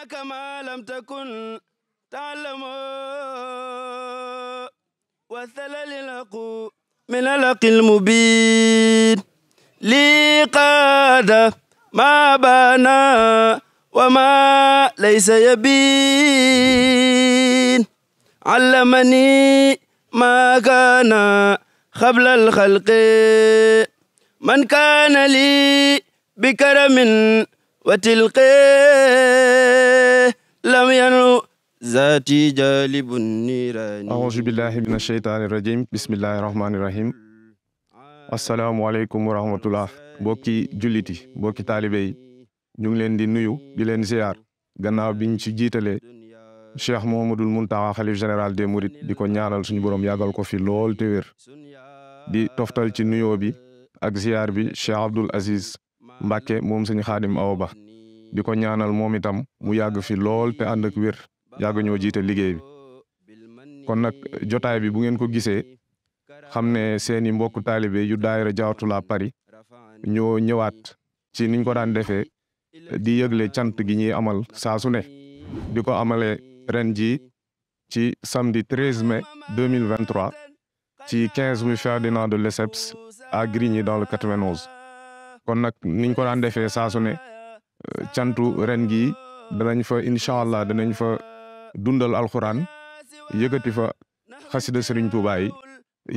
علم كما لم تكن تعلم وثلل الحق من الحق المبين لي قاد ما بنا وما ليس يبين علمني ما كان قبل الخلق من كان لي بكرم وتلقي lam yanu zaati jalibu nirani aouzu billahi min asheytaani rajim bismillahi rahmaani rahim asalaamualeykum wa rahmatullah mbokki jullit yi mbokki ngi leen di nuyu di leen ziar gannaaw biñ ci jiitalee cheikh mohamadul muntaxa xalif général des mourides di ko ñaanal suñu borom yàggal ko fi lool te wér di toftal ci nuyo bi ak ziar bi cheikh abdul aziz mbàkke moom sëñ xaadim awa di ko ñaanal moom itam mu yàgg fi lool te ànd ak wér yàgg ñoo jiite liggéey bi kon nag jotaay bi bu ngeen ko gisee xam ne seeni mbokk taalibe yu daayira Diawartoulah Paris ñoo ñëwaat ci niñ ko daan defee di yëgle cant gi ñuy amal saa su ne ko amalee ren ji ci samedi 13 mai 2023 ci 15 rue Ferdinand de Lesseps à Grigny dans le 91 kon nag niñ ko daan defee saa su cantu ren gi danañ fa incha allah danañ fa dundal alxuraan yëkkati fa xasida Serigne Touba yi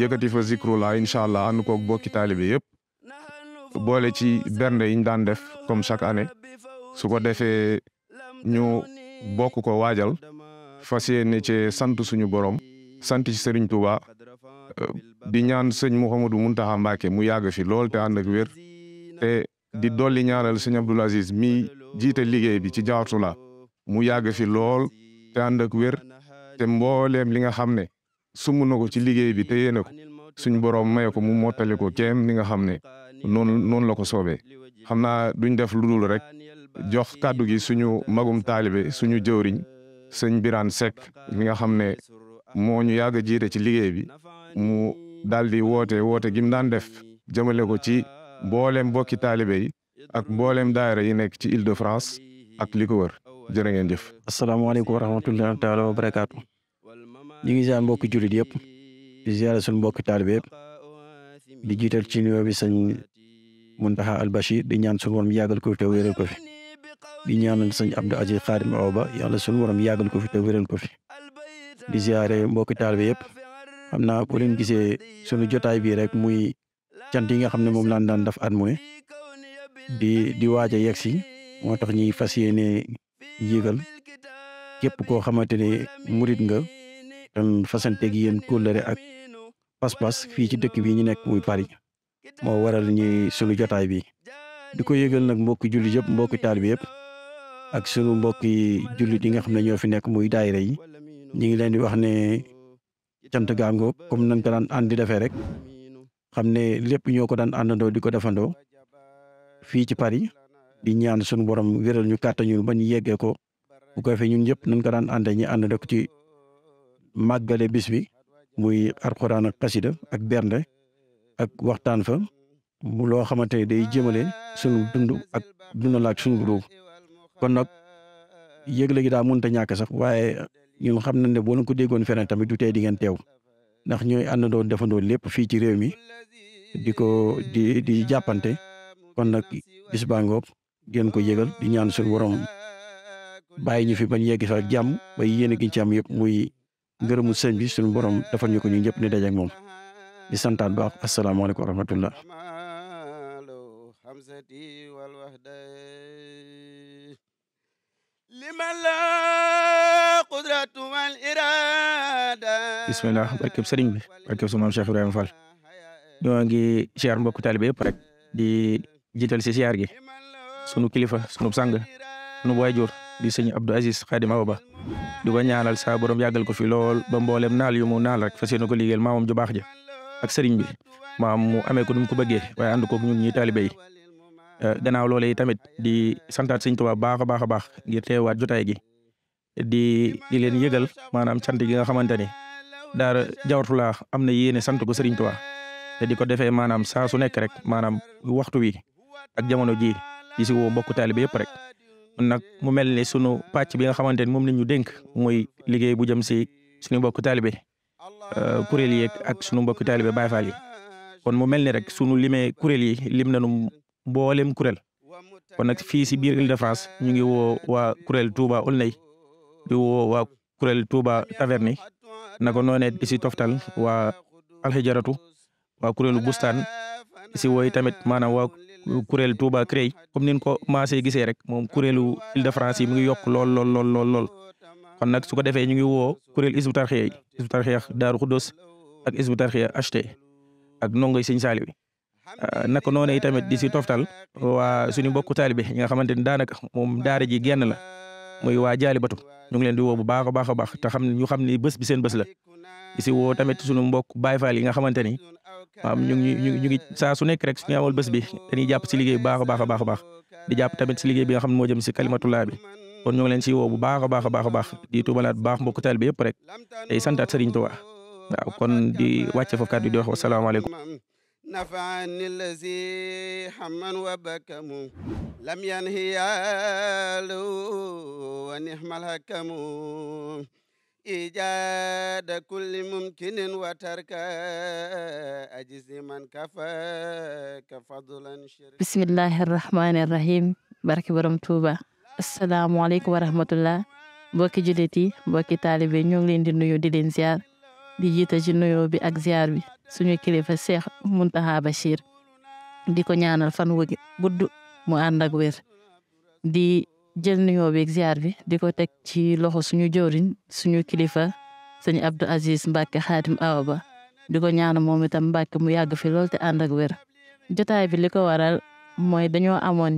yëkkati fa zikrullah incha allah ànd koog bokki taalibe yëpp boole ci bernde yi ñu daan def comme chaque année su ko defee ñu bokk ko waajal fas yéene ci sant suñu borom sant ci Serigne Touba di ñaan sëñ Mouhamadou Mountakha Mbacké mu yàgg fi lool te ànd ak wér di dolli ñaanal sëñ Abdoul Aziz mi jiite liggéey bi ci Jaartulaa mu yàgg fi lool te ànd wér te mbooleem li nga xam ne sumb ko ci liggéey bi te yéene ko suñ borom maye ko mu mottali ko keem li nga xam ne noonu la ko soobee xam naa duñ def lu dul rek jox kàddu gi suñu magum taalibe suñu jëwriñ sëñ Birane Seck mi nga xam ne moo ñu yàgg a ci liggéey bi mu daal di woote woote gi mu def jëmale ko ci mboolem mbokki taalibe yi ak mboolem daayira yi nekk ci ile de France ak li ko wër jërë ngeen jëf. asalaamaaleykum wa rahmatullahi taala wa barakaatu. ñu ngi ziar mbokki jullit yëpp di ziare suñu mbokki taalibe yëpp di jiital ci nuyoo bi sëñ Muntaxa al Bachir di ñaan suñu borom yàggal ko fi te wéral ko fi di ñaanal sëñ Abdou Aziz Xaadim Awa Ba yàlla suñu borom yàggal ko fi te wéral ko fi di ziare mbokki taalibe yëpp xam naa bu leen gisee sunu jotaay bii rek muy. cant yi nga xam ne moom laan daan def at mooy di di waaj a yegg si moo tax ñuy fas yéene yégal képp koo xamante ne murit nga tan fasante gi yéen kóllëre ak pas-pas fii ci dëkk bi ñu nekk muy Paris moo waral ñuy sunu jotaay bi di ko yégal nag mbokki jullit yëpp mbokki taalibe yëpp ak sunu mbokki jullit yi nga xam ne ñoo fi nekk muy daayira yi ñu ngi leen di wax ne cant gaango comme nañ ko daan àndi defee rek xam ne lépp ñoo ko daan àndandoo di ko defandoo fii ci Paris di ñaan suñu borom wéral ñu kàttan ñu ba ñu yeggee ko bu ko defee ñun ñëpp nañ ko daan àndee ñu ànd rek ci màggale bis bi muy alxuraan ak xasida ak bernde ak waxtaan fa mu loo xamante ne day jëmale suñu dund ak dundal ak suñu réew kon nag yëgle gi daa mun ta ñàkk sax waaye ñun xam na ne boo leen ko déggoon feneen tamit du tey di ngeen teew. ndax ñooy àndandoo defandoo lépp fii ci réew mi di ko di di jàppante kon nag bis baa ngoog ko yëgal di ñaan suñu borom bàyyi ñu fi bañ yegg sax jàmm ba yéene gi ci am yëpp muy ngërëmu sëñ bi suñu borom defal ñu ko ñu ñëpp ni daje ak di santaat baax asalaamaaleykum wa rahmatullah liman la qudratu wal irada bismillah barkeb sëriñ bi barkeb su maam Cheikh Ibrahima Fall ñoo ngi siyaar mbokk taalibe yëpp rek di jiital si siyaar gi sunu kilifa sunu sang sunu waajur di sëñ Abdou Aziz Khadim Awa Ba di ko ñaanal saa borom yàggal ko fi lool ba mboolem naal yu mu naal rek fas yéene ko liggéeyal maamam ju baax ja ak sëriñ bi maam mu amee ko nu mu ko bëggee waaye ànd koog ñun ñi taalibe Euh, gannaaw loole yi tamit di santaat Sëriñ Tuubaa baax a baax a baax ngir teewaat jotaay gi di di leen yëgal maanaam cant gi nga xamante ni daara Diawartoulah am na yéene sant ko Sëriñ Tuubaa te di ko defee maanaam saa su nekk rek maanaam waxtu wi ak jamono ji di si woo mbokk taalibe yëpp rek nag mu mel ni sunu pàcc bi nga xamante ni moom la ñu dénk mooy liggéey bu jëm si suñu mbokk taalibe euh, kuréel yi ak sunu mbokk taalibe Baay Faal yi kon mu mel rek sunu limee kuréel yi lim nañu mboolem kuréel kon nag fii si biir Île-de-France ñu ngi woo waa kuréel Touba Aulnay di woo waa kuréel Touba Taverny na ko noonee di si toftal waa alxijaratu waa kuréelu bustaan si wooy tamit maanaam waa kuréel Touba Créy comme nin ko maasee gisee rek moom kuréelu Île-de-France yi mu ngi yokk lool lool lool kon nag su ko defee ñu ngi woo kuréel Hizbut Tarqiyyah Hizbut Tarqiyyah Daaru Xuddoos ak Hizbut Tarqiyyah HT ak ndongoy Sëñ Saaliw Euh, naka noonu tamit di si toftal waa suñu taal bi yi nga xamante ni daanaka moom daar ji genn la muy waa Jaalibatu ñu ngi leen di bu baax a baax a baax te xam ñu xam ni bés bi seen bés la di si woo tamit suñu mbokk Baay Faal yi nga xamante ni maam ñu ngi ñu ngi saa su nekk rek suñu amal bés bi dañuy jàpp si liggéey bu baax a baax a baax di jàpp tamit si liggéey bi nga xam ne moo jëm si kalimatullah bi kon ñu ngi leen si woo baax a baax a baax a baax di tuubalaat bu baax mbokk taalibe yëpp rek day santaat Sëriñ Tuubaa waaw kon di wàcce foofu kàddu di wax wasalaamaaleykum نفعني الذي حما وبكم لم ينهي له ونعم الحكم إيجاد كل ممكن وترك أجز من كفاك فضلا شرك بسم الله الرحمن الرحيم بارك برم توبا السلام عليكم ورحمة الله mbokki jullit yi mbokki taalibe ñoo ngi leen di nuyu di leen ziar di jiita ci nuyoo bi ak ziar bi suñu kilifa Cheikh munta Bachir di ko ñaanal fan wu gudd mu ànd ak wér di jël nuyoo beeg ziar bi di ko teg ci loxo suñu jëwriñ suñu kilifa sëñ Abdou Aziz Mbacke xaatim awa ba di ko ñaanu moom itam Mbacke mu yàgg fi lool te ànd ak wér. jotaay bi li ko waral mooy dañoo amoon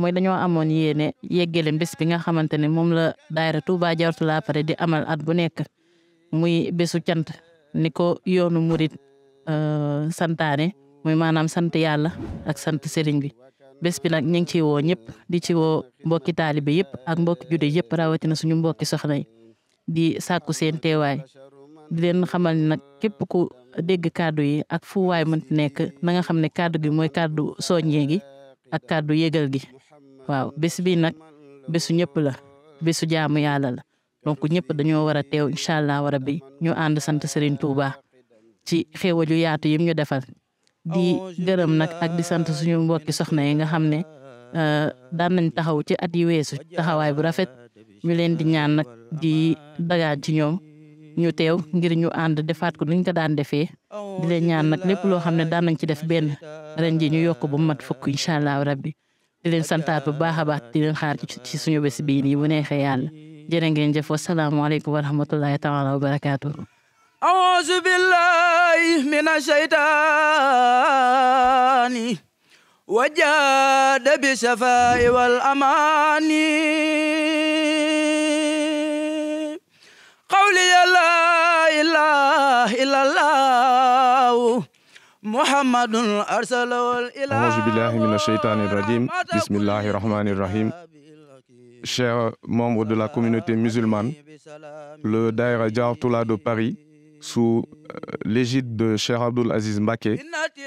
mooy dañoo amoon yéene yeggale bés bi nga xamante ne moom la daayira Touba Diawartoulah pare di amal at bu nekk muy bésu cant ni yoonu murit Euh, santaane muy maanaam sant yàlla ak sant sëriñ bi bés bi nag ñu ngi ci wo ñëpp di ci woo mbokki taalibe yëpp ak mbokki jude yëpp rawatina suñu mbokki soxna yi di sàkku seen teewaay di leen xamal ni nag képp ku dégg kàddu yi ak fu waay mënti nekk na nga xam ne kàddu gi mooy kàddu soññee gi ak kàddu yëgal gi waaw bés bi nag bésu la bésu jaamu yàlla la donc ñëpp dañoo war a teew incha allah rabbi ñu ànd sant Serigne Touba. ci xéewal yu yaatu yim ñu defal di gërëm nag ak di sant suñu mbokki soxna yi nga xam ne daan nañ taxaw ci at yi weesu taxawaay bu rafet ñu leen di ñaan nag di dagaat ci ñoom ñu teew ngir ñu ànd defaat ko nuñ ko daan defee di leen ñaan nag lépp loo xam ne daan nañ ci def benn ren ji ñu yokk bu mat fukk incha allah rabbi di leen santaat bu baax a baax di leen ci suñu bés bii nii bu neexee yàlla jërë ngeen jëf wasalaamaaleykum wa rahmatullahi taala wa barakaatu. أعوذ بالله من الشيطان وجاد بالشفاء والأمان قولي لا إله إلا الله محمد أرسله الإله أعوذ بالله من الشيطان الرجيم بسم الله الرحمن الرحيم Chers membres de la communauté musulmane, le Daïra Jartoula de Paris sous euh, l'égide de Cheikh Abdul Aziz Mbake,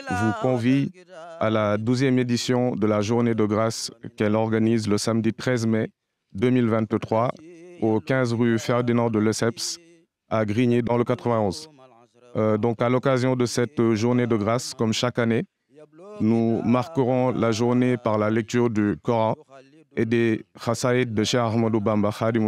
vous convie à la 12e de la Journée de grâce qu'elle organise le samedi 13 mai 2023 au 15 rue Ferdinand de Lesseps à Grigny dans le 91. Euh, donc à l'occasion de cette Journée de grâce, comme chaque année, nous marquerons la journée par la lecture du de Cheikh Ahmadou Bamba Khadim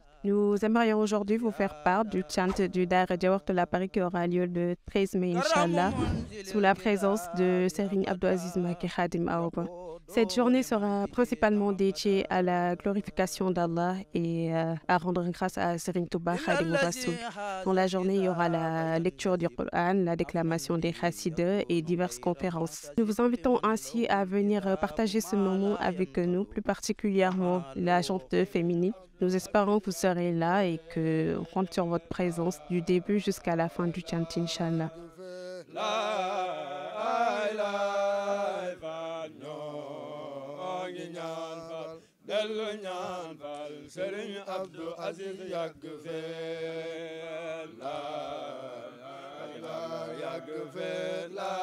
Nous aimerions aujourd'hui vous faire part du chant du Daara Jawhar de la Paris qui aura lieu le 13 mai, Inch'Allah, sous la présence de Serigne Abdou Maki Khadim Aouba. Cette journée sera principalement dédiée à la glorification d'Allah et euh, à rendre grâce à Serigne Touba Khadim Rassoul. Dans la journée, il y aura la lecture du Coran, la déclamation des Hassides et diverses conférences. Nous vous invitons ainsi à venir partager ce moment avec nous, plus serez là et que on compte sur votre présence du début jusqu'à la fin du chant, Inch'Allah. dellu ñaan fal Sëriñ Abdu Asiis yàgg fee la la yàgg fee la